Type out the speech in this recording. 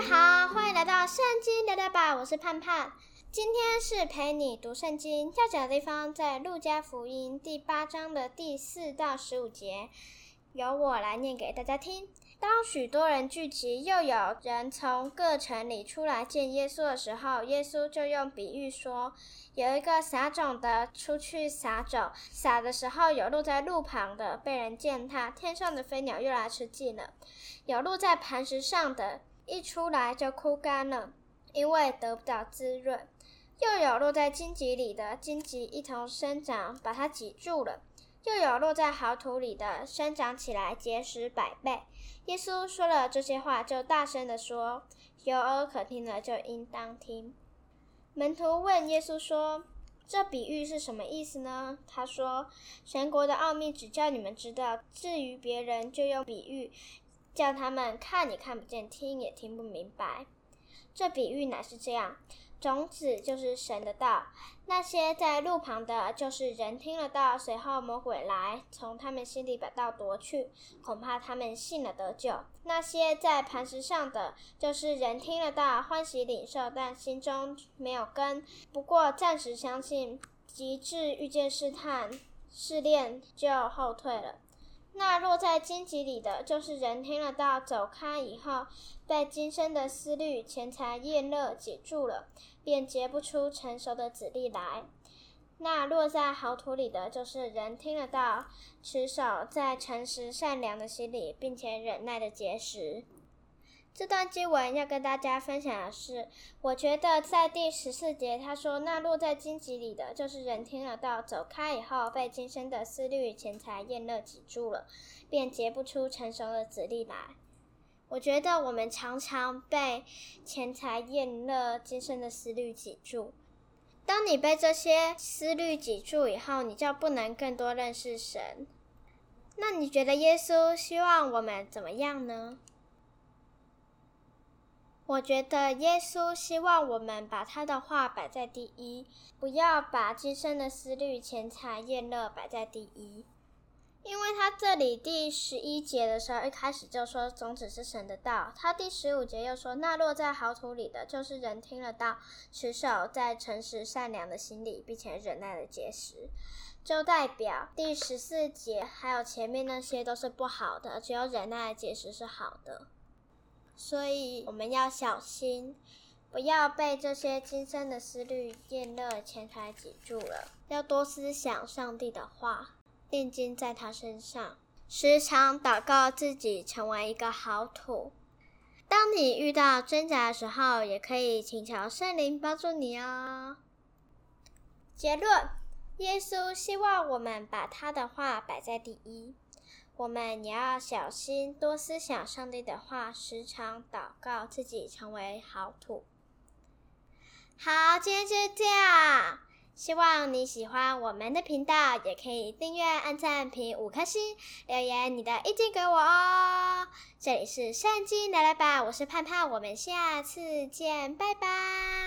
大家、嗯、好，歡迎來到聖經聊聊吧，我是盼盼。今天是陪你讀聖經，要講的地方在路加福音第八章的第四到十五節，由我來念給大家聽。當許多人聚集，又有人從各城裡出來見耶穌的時候，耶穌就用比喻說：“有一個撒種的出去撒種，撒的時候有落在路旁的，被人踐踏，天上的飛鳥又來吃盡了；有落在磐石上的。”一出來就枯乾了，因為得不到滋潤；又有落在荊棘裡的，荊棘一同生長，把它擠住了；又有落在好土裡的，生長起來，結實百倍。耶穌說了這些話，就大聲地說：“有耳可聽的，就應當聽。”門徒問耶穌說：“這比喻是什麼意思呢？”他說：“全國的奧秘只叫你們知道，至於別人，就用比喻。”叫他們看也看不見，聽也聽不明白。這比喻乃是這樣：種子就是神的道，那些在路旁的，就是人聽了道，隨後魔鬼來，從他們心裡把道奪去，恐怕他們信了得救；那些在磐石上的，就是人聽了道，歡喜領受，但心中沒有根，不過暫時相信，及至遇見試探、試煉，就後退了。那落在荊棘裡的，就是人聽了道走開以後，被今生的思慮、錢財、宴樂擠住了，便結不出成熟的子粒來；那落在好土裡的，就是人聽了道，持守在誠實善良的心裡，並且忍耐的結實。這段經文要跟大家分享的是，我覺得在第十四節他說：“那落在荊棘裡的，就是人聽了道，走開以後，被今生的思慮、錢財、宴樂擠住了，便結不出成熟的子粒來。”我覺得我們常常被錢財、宴樂、今生的思慮擠住。當你被這些思慮擠住以後，你就不能更多認識神。那你覺得耶穌希望我們怎麼樣呢？我覺得耶穌希望我們把他的話擺在第一，不要把今生的思慮、錢財、宴樂擺在第一。因為他這裡第十一節的時候一開始就說：“種子是神的道。”他第十五節又說：“那落在好土裡的，就是人聽了道，持守在誠實善良的心裡，並且忍耐的結實。”就代表第十四節還有前面那些都是不好的，只有忍耐的結實是好的。所以我們要小心，不要被這些今生的思慮、宴樂、錢財擠住了。要多思想上帝的話，定睛在他身上，時常禱告自己成為一個好土。當你遇到掙扎的時候，也可以請求聖靈幫助你哦。結論：耶穌希望我們把他的話擺在第一。我們也要小心，多思想上帝的話，時常禱告，自己成為好土。好，今天就這樣，希望你喜歡我們的頻道，也可以訂閱、按讚、評五顆星，留言你的意見給我哦。這裡是善經奶奶吧，我是盼盼，我們下次見，拜拜。